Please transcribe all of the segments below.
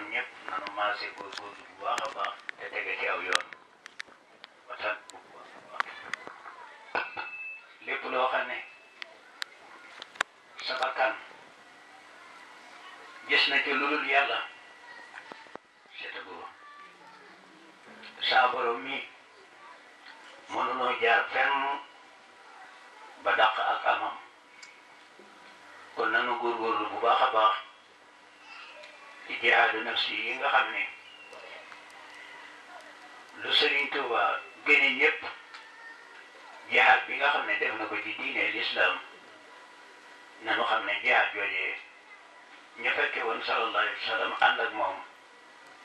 ñoom nanu marché góorgóorlu bu baax a baax te tege ci aw yoon waxtaan bu baax a baax lépp loo xam ne sa bakkan gis na ci lu dul yàlla seetagoo saa ba ci jihaadu nafsi yi nga xam ne lu Sëriñ Tuuba gëne ñëpp jihaad bi nga xam ne def na ko ci diine lislaam nanu xam ne jihaad joojee ñu fekke woon sallallahu alayhi wa ak moom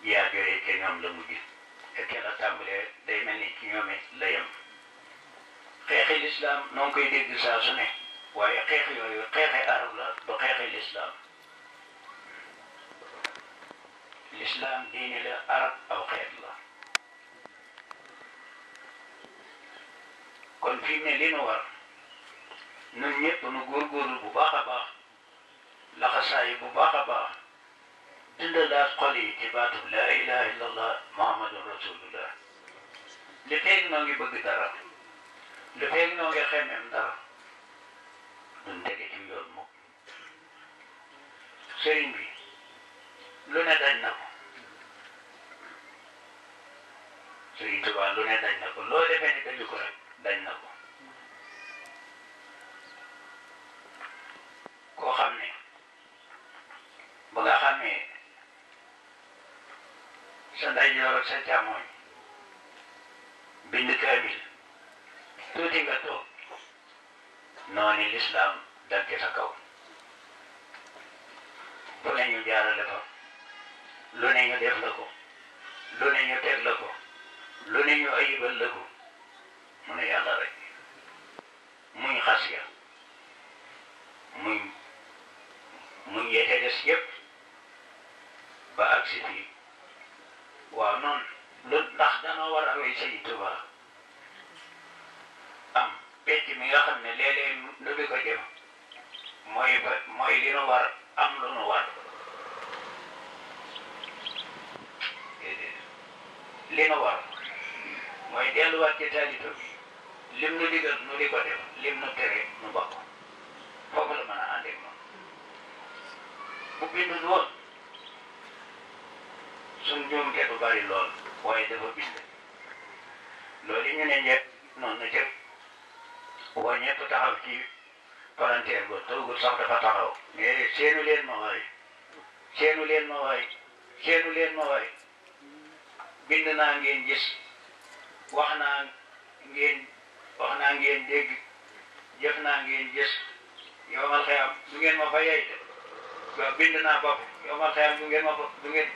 jihaad joojee ca ñoom la mujj te la tàmbalee day mel ni ci ñoom it la yem xeexi lislaam noo koy dégg saa waaye xeex yooyu xeexi arab la du xeexi lislaam الإسلام دين الأرض أو غير الله كون في مليون وار نون نيب نو غور غور بو باخا باخ لا خساي بو باخا باخ دند لا قلي تبات لا اله الا الله محمد رسول الله لتين نو غي بغي دار لتين نو غي خيمم دار نون تيجي يور مو سيرين بي lu ne dañ na ko Sëriñ Tuubaa lu ne dañ na ko loo defee ni dañu ko ko koo xam ne ba nga xamee sa ndeyjoor sa càmmoñ bind kaamil tuuti nga toog noonu lislaam dal ci sa kaw fu ne ñu lu ne ñu def la ko lu ne ñu teg la ko lu ne ñu ayibal la ko ci palanteer ba toogut sax dafa taxaw. mais seenu leen ma waay seenu leen ma waay seenu leen ma waay bind naa ngeen gis wax naa ngeen wax naa ngeen dégg jëf naa ngeen gis yow mal xëyam du ngeen ma fa yey de waaw bind naa bopp yow mal xëyam du ngeen ma fa du ngeen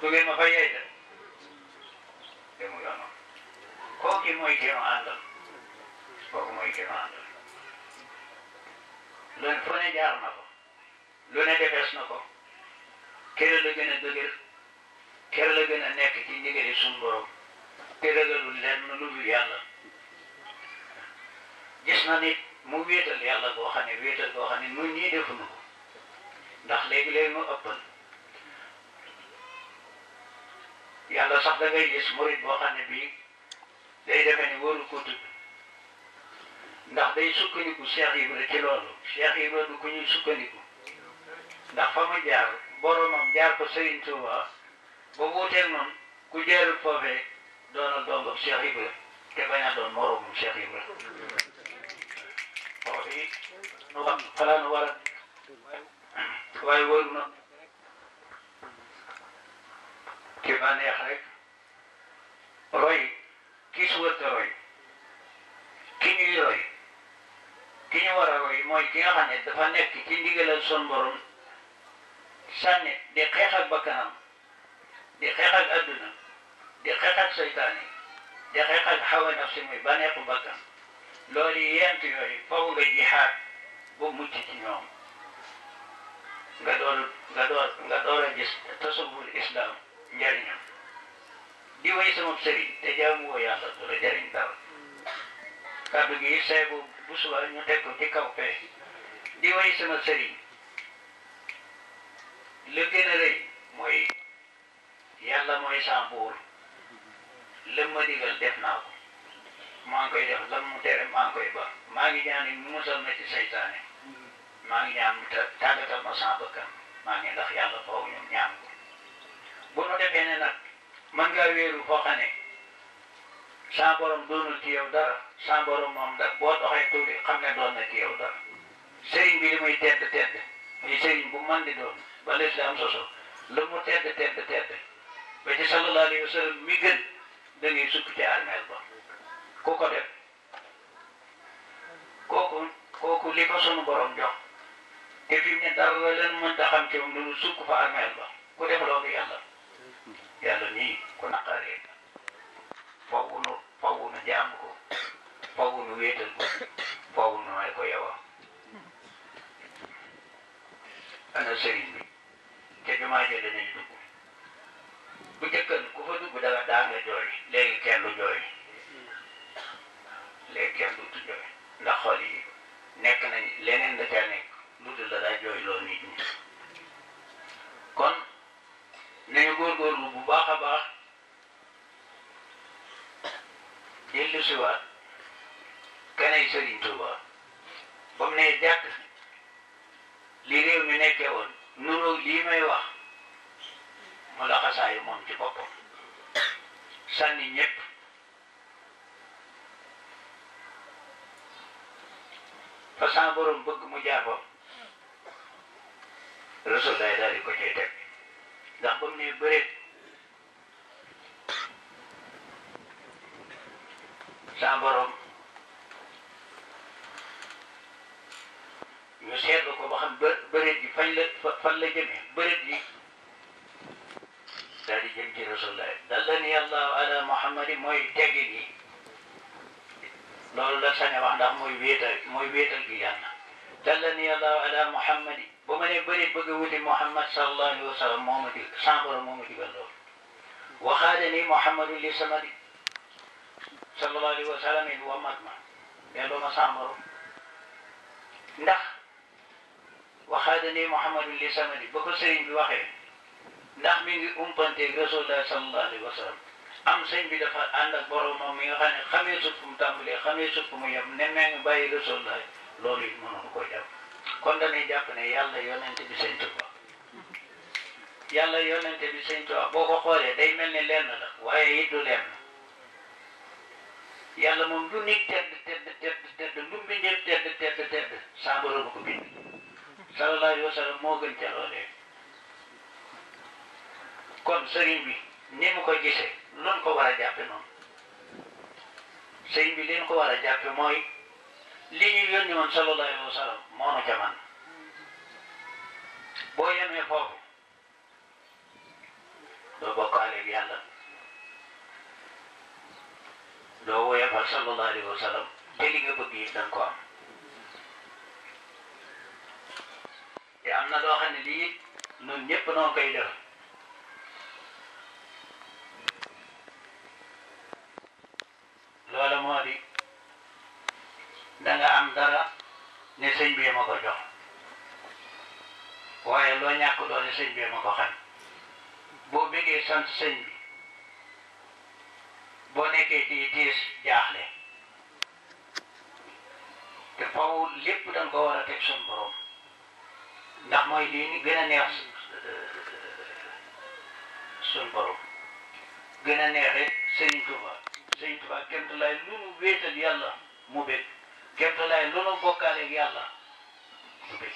du ngeen ma fa yey de te loolu fu ne jaar na ko lu ne defees na ko kër la gën a dëgër kër la gën a nekk ci ndigali suñu borom te ragalul lenn lu dul yàlla gis na nit mu wéetal yàlla boo xam ne wéetal boo xam ne nun ñii defuñu ko ndax léegi-léegi mu ëppal yàlla sax da ngay gis murit boo xam ne bii day defe ne waru ko tudd ndax day sukkandiku Cheikh Ibra ci loolu Cheikh Ibra du ko ñuy sukkandiku ndax fa mu jaar boromam jaar ko Serigne Touba ba wuuteeg noonu ku jeerul foofee doona dongam Cheikh Ibra te bañ a doon moromum Cheikh Ibra foofii nu wax xalaa nu war a waaye wóoru na ci bànneex rek roy kii su wërte roy ki ñuy roy tiñawaraway mooy ki nga xam ne dafa nekk ci ndigalal son borom sànni di xeex ak bakkanam di xeex ak adduna di xeex ak seytaane di xeex ak xawa nafsi muy baneexu bakkan loolu yent yooyu faw nga jihaat ba mucc ci ñoom nga door nga door nga door a gis tasawur islam njariñam di way sama sëriñ te jaamuwoo yàlla du la jariñ dara kàddu gi seebu bu subaa ñu teg ko ci kaw pee di way sama sëriñ la gën a mooy yàlla mooy saa buur lëm ma digal def naa maa ngi koy def lam mu tere maa ngi koy ba maa ngi ñaan mu musal na ci seytaane maa ngi ñaan mu tàggatal ma saa bëkkan maa ngi ndax yàlla foofu ñoom ñaan ko bu nu defee ne nag mën ngaa wéeru foo xam ne saa borom doonul ci yow dara saa borom moom nag boo doxee tuuti xam ne doon na ci yow dara sëriñ bi li muy tedd tedd muy sëriñ bu man di doon ba lislaam soso lu mu tedd tedd tedd ba ci sallallahu alayhi wa sallam mi gën da ngay sukk ci armeel ba ku ko def kooku kooku li ko sunu borom jox te fi mu ne dara leen mënta xam ci moom lu sukk fa ba ku def loolu yàlla yàlla nii ku naqaree faww nu faww nu jaam ko faww nu wéetal ko faww nu may ko yowam ana sëriñ bi te jumaa jële nañ dugg bu njëkkan ku fa dugg danga daa nga jooy léegi kenn du jooy léegi kenn du jooy ndax xol yi nekk nañ leneen da ca nekk lu dul la daa jooy loo nit ñi ci suba kanay Serigne Touba ba mu ne jàkk li réew mi nekkee woon nuru lii may wax mu la xasaayu moom ci boppam sànni ñëpp fa sa borom bëgg mu jaabam Rasul lay daal di ko cay teg ndax ne bëreet samadi sans borom moo ma digal loolu waxaade ni muhammadun li samadi sallallahu alayhi wa sallam in wamat ma delloo ma sans borom ndax waxaade ni muhammadun li samadi ba ko sëriñ bi waxee ndax mi ngi umpanteeg rasulullah sallallahu alayhi wa sallam am sëñ bi dafa ànd ak boromam mi nga xam ne xamee sut mu tàmbalee xamee sut mu yem ne mee bàyyi rasulullah loolu it mënoon ko jàpp kon dañuy jàpp ne yàlla yonent bi sëñ Tuubaa yàlla yonente bi sëñ Tuubaa boo ko xoolee day mel ni lenn la waaye it du lenn yàlla moom lu nit tedd tedd tedd tedd lu mbindeef tedd tedd tedd saa borom ko bind sallallahu alayhi wa moo gën ca loolee kon sëriñ bi ni mu ko gisee loolu ko war a jàppe noonu sëriñ bi li ñu ko war a jàppe mooy li ñu yónni woon sallallahu alayhi wa sallam moo nu jaman boo yemee foofu doo bokkaaleeg yàlla doo woyofal sallallahu alayhi wa sallam te li nga bëgg yi danga ko am am na loo xam ne lii ñun ñëpp noo koy def loola mo di danga am dara ne sëñ bi ma ko jox waaye loo ñàkk doon ne sëñ bi ma ko xam sant sëñ bi boo nekkee ci diis jaaxle te faw lépp dañ ko war a teg suñ borom ndax mooy lii gën a neex euh, suñ borom gën a neexee Sëriñ Tuba la Tuba kéem tolluwaay lu nu wéetal yàlla mu bég kéem tolluwaay lu nu bokkaaleeg yàlla mu bég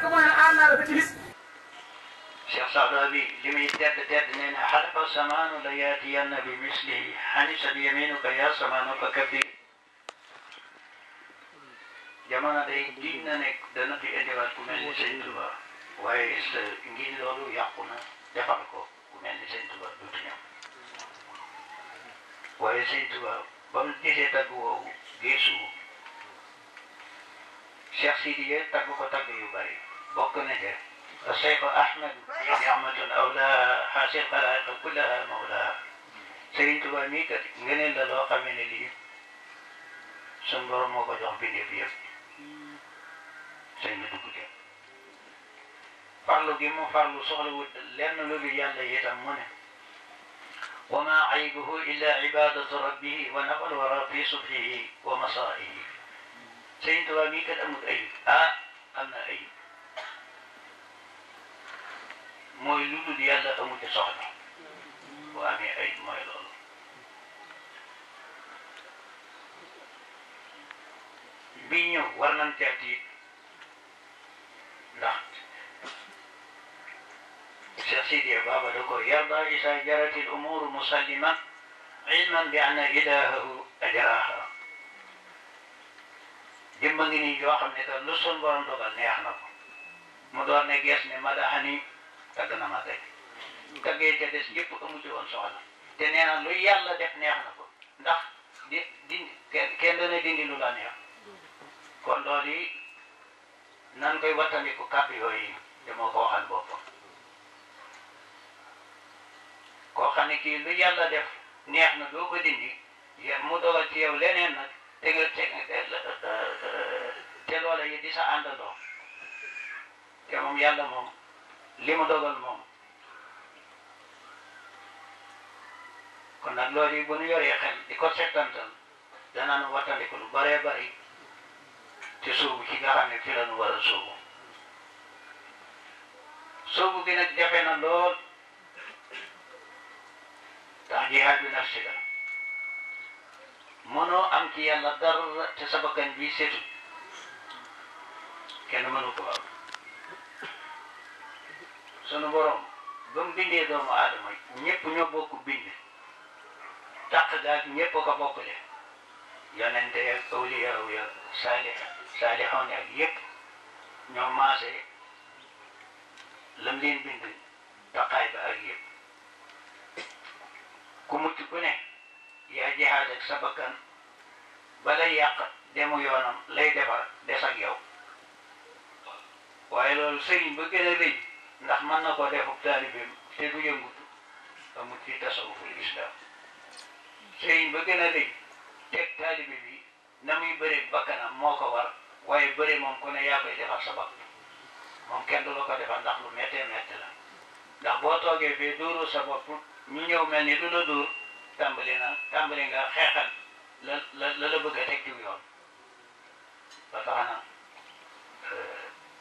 ko mona arnaɗo foti lis cheikh sadoɓi limi tedde tedde nene halafa samanu la yatiyanna bi mislihi hani sadi yaminuka ya samanuka kafir jamana day giñ na ne dana fi indiwaat ku mel ni sëñ tuba waaye sa ngiñ loolu yàqu na defal ko ku mel ni sëñ tuba duuti ñam waaye sëñ tuba ba mu gisee tagg woowu geesuwu شيخ سيدي تبوك تبي يباري بوكنا جا الشيخ أحمد نعمة الأولى حاشق على كلها مولاها سرين تبامي كت من اللواقة من اللي سنبر موكو جوه بني بيب سرين تبوك جا فارلو جيمو فارلو صغل ود لأن لبي يالا يتمونه وما عيبه إلا عبادة ربه ونقل ورافيس فيه ومصائه Sëriñ Tuubaa mii kat amut ayib ah am na ayib mooy lu dul yàlla amut a soxla bu amee ayib mooy loolu bi ñëw war nañ teet yi ndax Cheikh Sidiya Baba da ko yarda isa jaratil umuru musalima ilman bi anna ilahahu ajraha jëmma ngi nii yoo xam ne lu sun borom dogal neex na ko mu doon ne gees ne madaxani tagg na ma tey taggee ca des yëpp amu ci woon soxla te nee lu def neex na ko ndax di kenn dana dindi lu la neex kon nan koy wattandiku kàddu yooyu ya, te moo ko waxal boppam koo xam ne lu yàlla def neex na doo ko dindi mu dogal ci yow leneen te nga loola yi di sa àndandoo te moom yàlla moom li mu dogal moom kon nag loolu yi bu ñu yoree xel di ko settantal danañu wattandiku lu bëree bëri te suubu ci nga xam ne ci lañu war a suubu suubu gi nag jafe na lool ndax jihaad bi nafsi la mënoo am ci yàlla dara te sa kan bi setu kenn mënu ko am sunu borom ba mu bindee doomu aadama ñëpp ñoo bokk bind tàq gaag ñëpp ko bokkule yonente ya awliyaaw ya saalix saalixoon ak yëpp ñoo maase lam leen bind taqaay ba ak yëpp ku mucc ku ne yaa jihaad ak sa bakkan bala yàq demu yoonam lay defar des ak yow waaye loolu sëriñ ba gën a rëy ndax mën na ko defub taalibeem te du ci tasawuful islam ba gën a rëy teg taalibe bi na muy bëree bakkanam moo ko war waaye bëree moom ku ne yaa koy defal sa moom kenn du la ko defal ndax lu méttee métti la ndax boo toogee fee dóoroo sa bopp ñu ñëw mel ni du la dóor tàmbali na tàmbali nga xeexal la la la bëgg a teg ci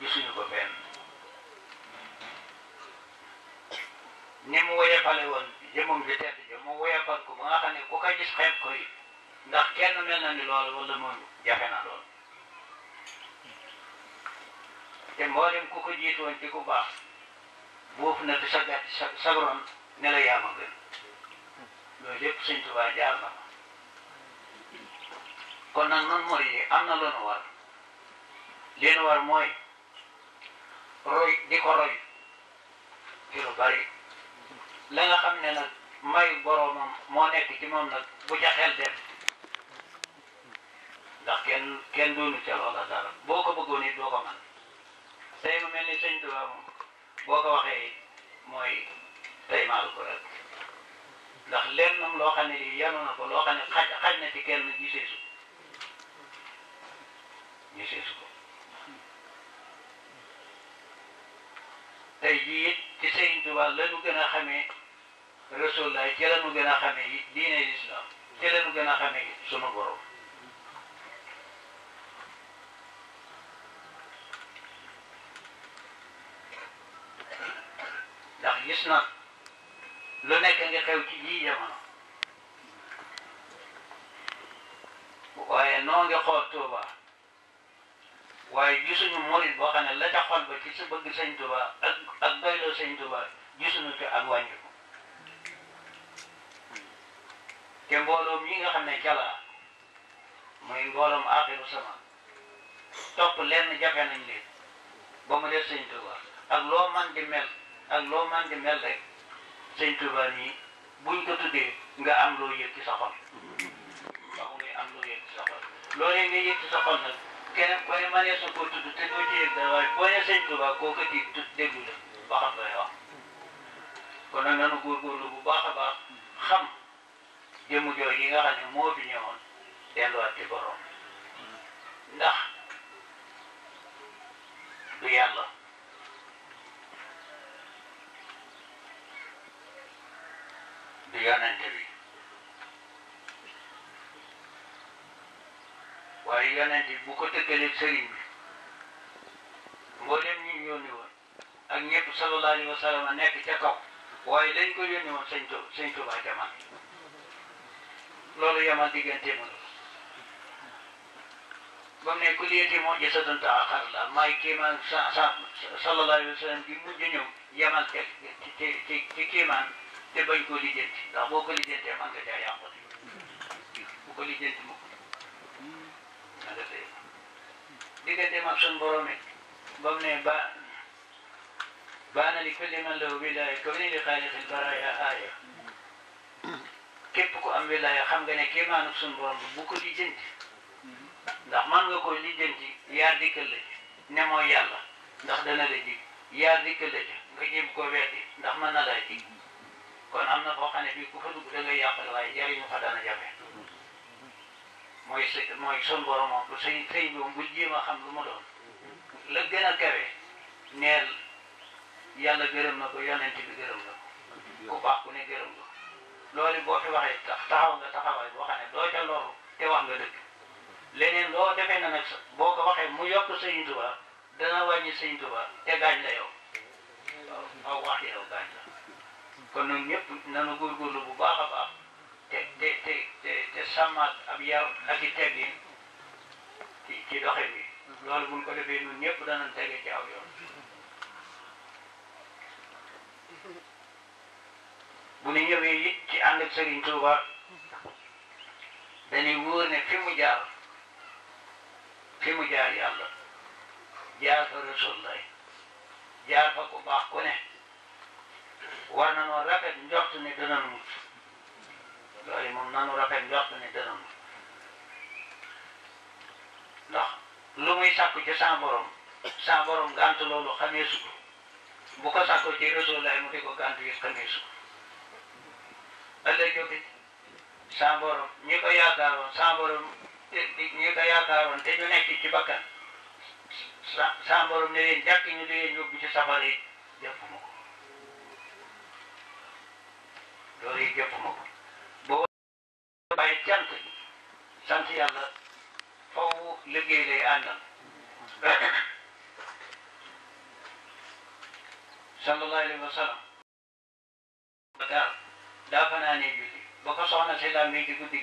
gisuñu ko fenn ni mu woyefale woon jëmmam ji tedd ji mu woyefal ko ba nga xam ku ko gis xeeb ko ndax kenn mel na ni loolu wala moom jafe na lool te mboolem ku ko jiitu woon ci ku baax boofu na te sa gàtt la ma gën loolu lépp Sëñ Tuubaa jaar ma kon nag noonu mooy am na lu mooy roy di ko roy ci lu bari la nga xam ne nag may boroomam moo nekk ci moom nag bu ca xel dem ndax kenn kenn doonu ca loola dara boo ko bëggoon it doo ko mën tey mu mel ni sëñ Tuubaa moom boo ko waxee mooy tey ko rek ndax lenn moom loo xam ne lii yanu na ko loo xam ne xaj xaj na ci kenn giseesu giseesu ji it ci Sëriñ Tuubaa la nu gën a xamee Rasulullah ci la nu gën a xamee yi diine lislaam ci la nu gën a xamee yi sunu borom ndax gis na lu nekk nga xew ci ji jamono waaye noo ngi xool Tuubaa waaye gisuñu murit boo xam ne la ca ba ci sa bëgg sëñ Tuubaa ak ak doyloo sëñ Tuubaa gisuñu ci ak wàññiku te mbooloom yi nga xam ne calaa mooy mbooloom aaxiru sama topp lenn jafe nañ leen ba mu def sëñ Tuubaa ak loo man di mel ak loo man di mel rek sëñ Tuubaa nii buñ ko tuddee nga am loo yëg ci sa xol wax nga am loo yëg ci sa xol keneen ku ne mënee ko tudd te doo ci yëg dara waaye boo nee sëñ Tuubaa kooku ci tudd déglu ba xam looy wax kon nag bu baax a baax xam jëmu joor yi nga xam ne moo fi ñëwoon delluwaat ci borom ndax du yàlla du yonente waaye yonent bu ko tëggalee sëriñ bi mboolem ñi yónni woon ak ñëpp sallallahu alayhi wa sallam nekk ca kaw waaye lañ ko yónni woon sëñ Tuba sëñ Tuba jaman loolu yamal diggante mu ba mu ne ku liyati moo jësa donta axar la maay kéemaan sa sa sallallahu alayhi wa sallam bi mujj ñëw yamal te te te te kéemaan te bañ koo lijjanti ndax boo ko lijjantee man nga jaay yàqu bu ko مدرسة دقة مقصود برمي بمن بان لكل من له ولاية كوني لخالق البرايا آية képp ku am wilaaya xam nga ne kéemaanu suñu borom bu ko lijjanti ndax man nga ko lijjanti yaar dikkal la ci ne mooy yàlla ndax dana la ji yaar dikkal la ci nga jéem ko weddi ndax mën na laa ji kon am na foo xam ne fii ku fa dugg da ngay yàqal waaye jariñu fa dana jafe mooy si mooy son borom moom lu sëñ sëñ bu jéem a xam lu mu doon la gën a kawe neel yàlla gërëm na ko yonent bi gërëm na ko ku baax ku ne gërëm na loolu boo fi waxee tax taxaw nga taxawaay boo xam ne doo ca loolu te wax nga dëgg leneen loo defee na nag boo ko waxee mu yokk sëñ Tuubaa dana wàññi sëñ Tuubaa te gaañ la yow waaw aw wax yow gaañ la kon nag ñëpp nanu góorgóorlu bu baax a baax te te te te te ab yaw ak i teggin ci ci bi mhm. loolu buñ ko defee ñun ñëpp danañ tege ci aw yoon mhm. bu ñu ñëwee it ci ànd ak Serigne Touba dañuy wóor ne fi mu jaar fi mu jaar yàlla jaar fa Rasulullah jaar fa ku baax ku war na noo rafet njort ne danañ mucc loolu moom nanu rafet njort ne dana mu ndax lu muy sàkku ci saa borom saa borom gànt loolu xamee su ko bu ko sàkku ci Rasulullah mu di ko gànt yi xamee su ko ëllëg jóge saa borom ñi ko yaakaaroon saa borom eh, ñi ko yaakaaroon te ñu nekk ci bakkan sa saa borom ne leen jàkk ñu di leen yóbbu ci safara yi jëpp ma ko loolu yi jëpp ma ko bàyyi cant sant yàlla foofu liggéey lay àndal sallallahu alayhi wa sallam daal daa fanaanee julli ba ko soxna si laa mii ci guddi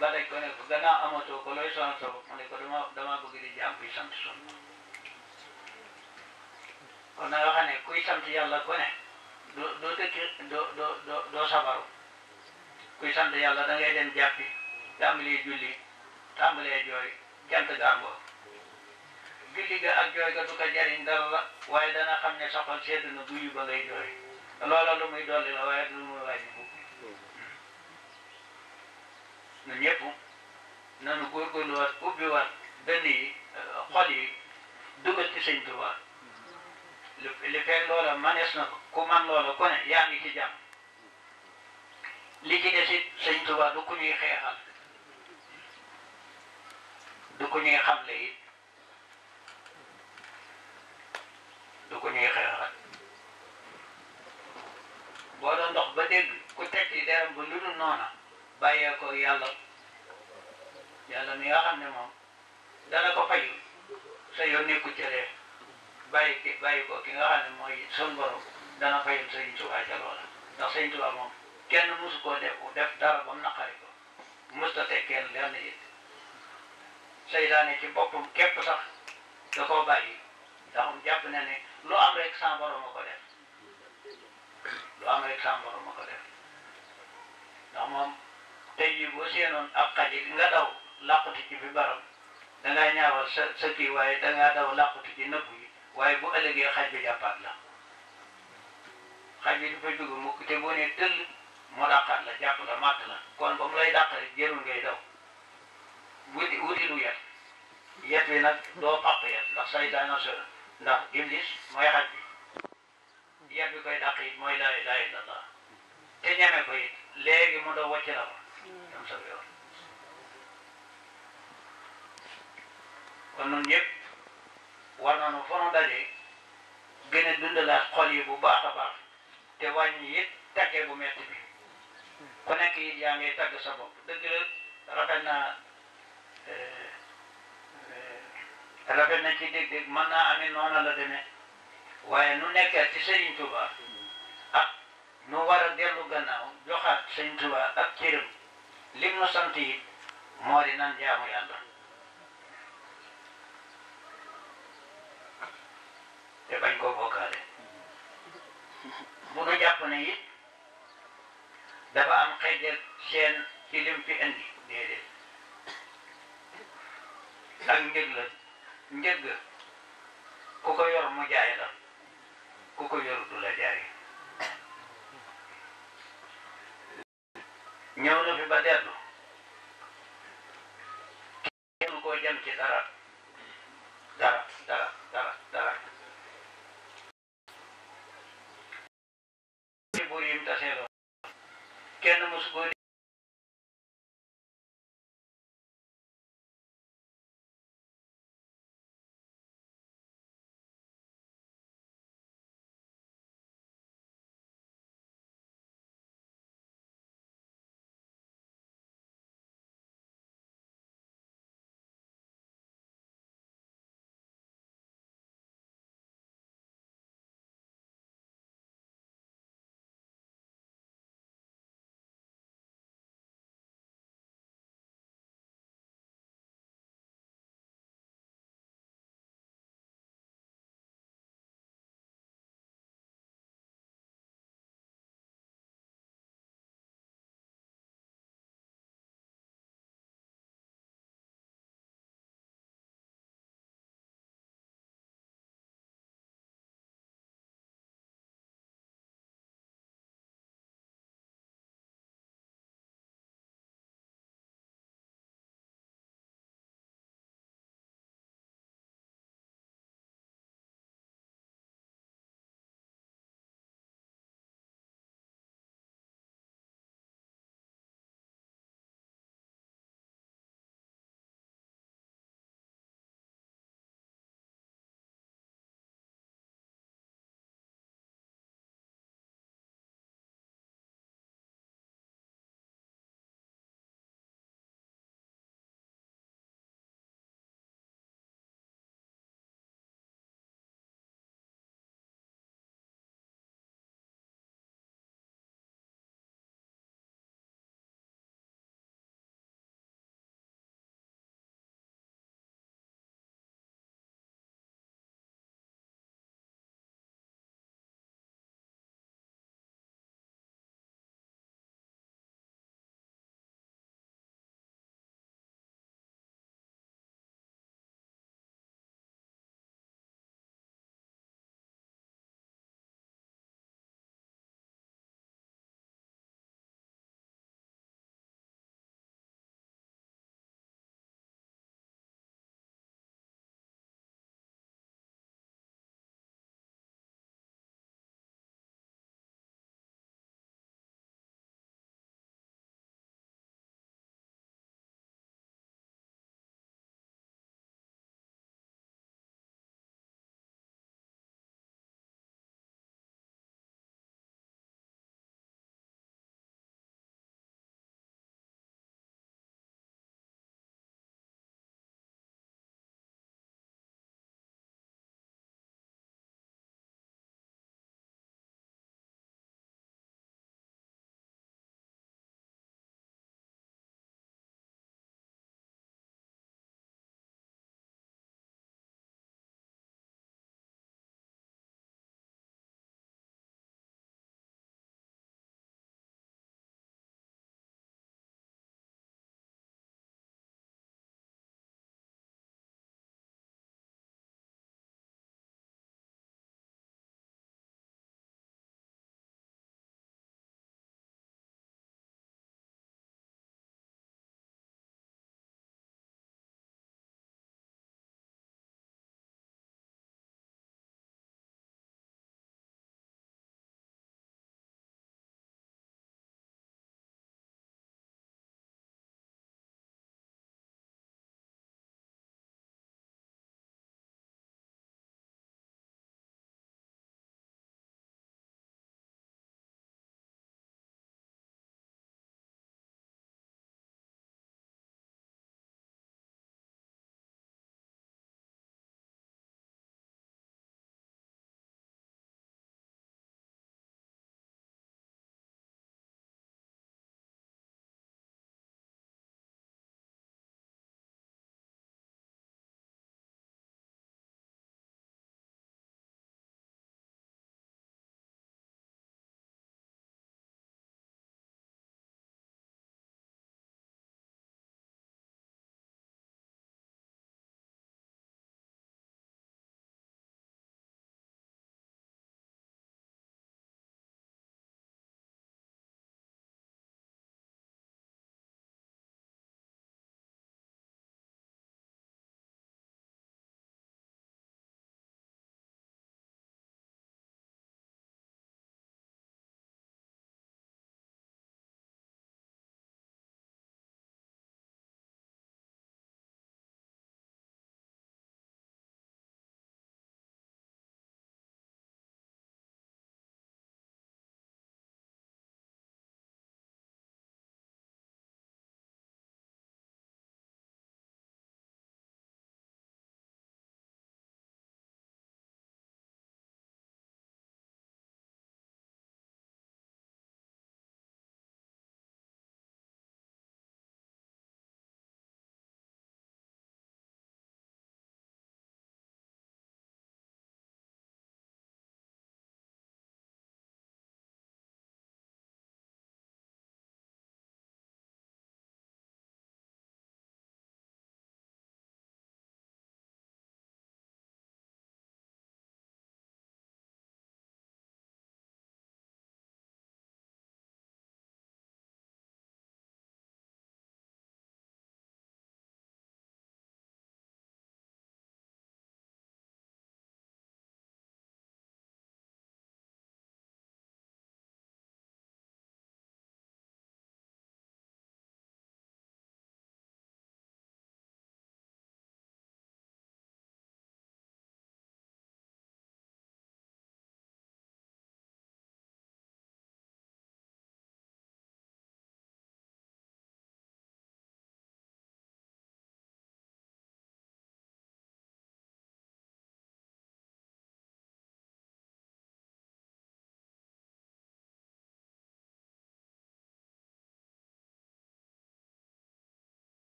ba daj ko ne ko gannaaw amatoo ko looy soxna soo mu ne ko dama dama bëgg di jaam kuy sant sun kon nag yoo xam ne kuy sant yàlla ko ne doo doo doo doo sabaru kuy sant yàlla da ngay dem jàppi tàmbalee julli tàmbalee jooy jant gàngoo julli ga ak jooy ga du ko jariñ dara waaye dana xam ne soxal sedd na guyu ba ngay jooy loola lu muy dolli la waaye du muy wàññi ñun ñëpp nanu góorgóorlu waat ubbi waat dënn yi xol yi dugal ci sëñ Tuubaa li fekk loola manees na ko ku man loola ku ne yaa ngi ci li ci des it sëñ ko xeexal du ko ñuy xamle it du ko ñuy xeexal boo doon dox ba dégg ku teg ci deram ba noona bàyyee ko yàlla yàlla mi nga xam ne moom dana ko fayul sa yoon nekku ci ree bàyyi ki bàyyi ki nga xam ne mooy son borom dana fayul sëñ Tuba ca loola ndax sëñ Tuba kenn mosu koo def ko def dara ba mu naqari ko musta teg kenn lenn it seytaane ci boppam képp sax da koo bàyyi mu jàpp na ne lu am rek sans borom a ko def lu am rek sans borom a ko def ndax moom tey jii boo seenoon ab nga daw làquti ci bi baram dangaa ñaawal sa sa kii waaye dangaa daw làquti ci nëbbu yi waaye bu ëllëgee xaj bi jàppaat la xaj bi du fa jóge mukk te boo nee tëll moo dàqaat la jàpp la màtt la kon ba mu lay dàq rek jërul ngay daw wuti wuti lu yet yet bi nag doo pàpp yet ndax saytaane so ndax iblis mooy xaj bi yet bi koy dàq it mooy laa ilaaha illallah te ñeme ko it léegi mu doo wàcc la ko dam sa yoon kon nun ñëpp gën a dundalaat xol bu baax a te wàññi it tàggee bu metti bi ku nekk yaa ngi tagg sa bopp dëgg la naa eh, eh, rafet na ci dégg-dégg mën naa amit noona la demee waaye nu nekk ci Sëriñ Tuba ah nu war a dellu gannaaw joxaat Sëriñ Tuba ak cëram lim nu sant it moo di nan jaamu yàlla te bañ koo bokkaale nu jàpp ne dafa am xëjal seen ci lim fi indi déedéet ak njëg la njëg ku ko yor mu jaay la ku ko yor du la jaay ñëw na ba dellu kenn koo jëm ci dara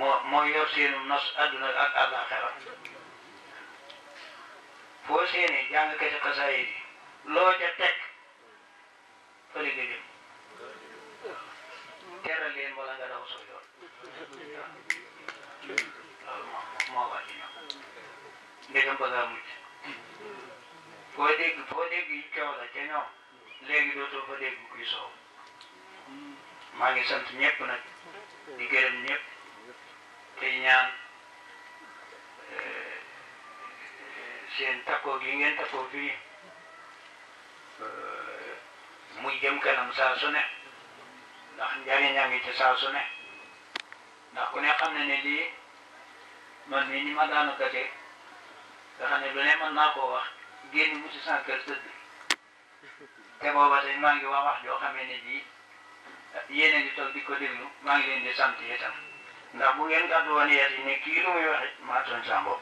moo moo yor seenum nos adduna ak àllaaxira foo seeni jàngkati xasaayid yi loo ca teg fële nga jëm teral leen wala nga daw soo yoon waaw loolu moo moo war ci ñoom ndegam ba ngaa mucc foo dégg foo dégg yi coow la ca ñoom léegi dootoo fa dégg kuy soow maa ngi sant ñëpp nag di gërëm ñëpp tey ñaan seen takoo gi ngeen takkoo fii muy jëm kanam saa su ne ndax njariñaa ngi ci saa su ne ndax ku ne xam ne ne lii man mii ni ma daanu kate nga xam ne lu ne mën naa koo wax génn mu ci sans kër tëdd te booba tey maa ngi wax wax joo xamee ne jii yéen a ngi toog di ko déglu maa ngi leen di sant itam nga bu ngeen gàdduwoon ne kii lu muy wax maa tooñ sa bopp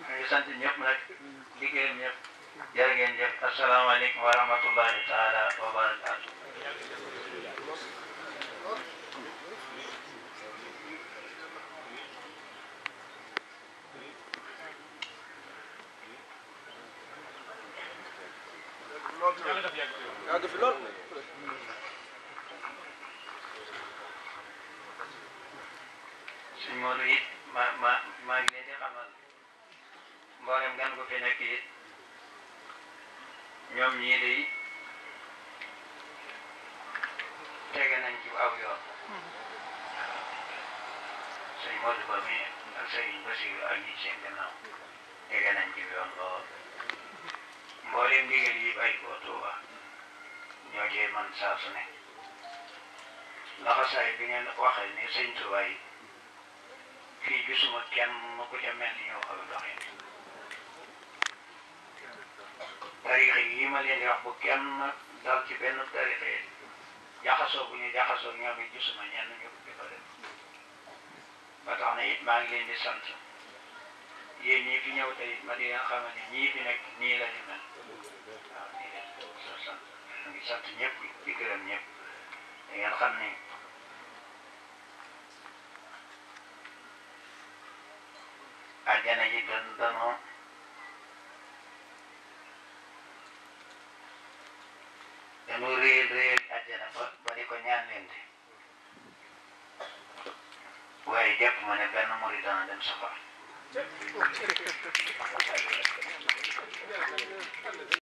maa ngi sant ñëpp nag wa rahmatullahi taala wa Modou it ma ma maa ngi leen di xamal mboolem gan ko fi nekk it ñoom ñii day tege nañ ci aw yoon sëñ Modou Ba mi ak sëñ Basiru ak ñi seen gannaaw tege nañ ci yoon lool mboolem ndigal yi bàyyi ko Tuuba ñoo cee man saa su ne laxasaay bi ngeen waxee ni sëñ Tuuba yi fii gisuma kenn mu ko ca mel ni ñoo xam doxin tarixa yi ma leen di wax bu kenn dal ci benn tarixa yi jaxasoo bu ñu jaxasoo ñoom it gisuma ñenn ñu ko ko def ba tax na it maa ngi leen di sant yéen ñii enu reel aja ajjana ba bari ko ñaanlinde waaye jàpp ma ne benn muri dana dem safar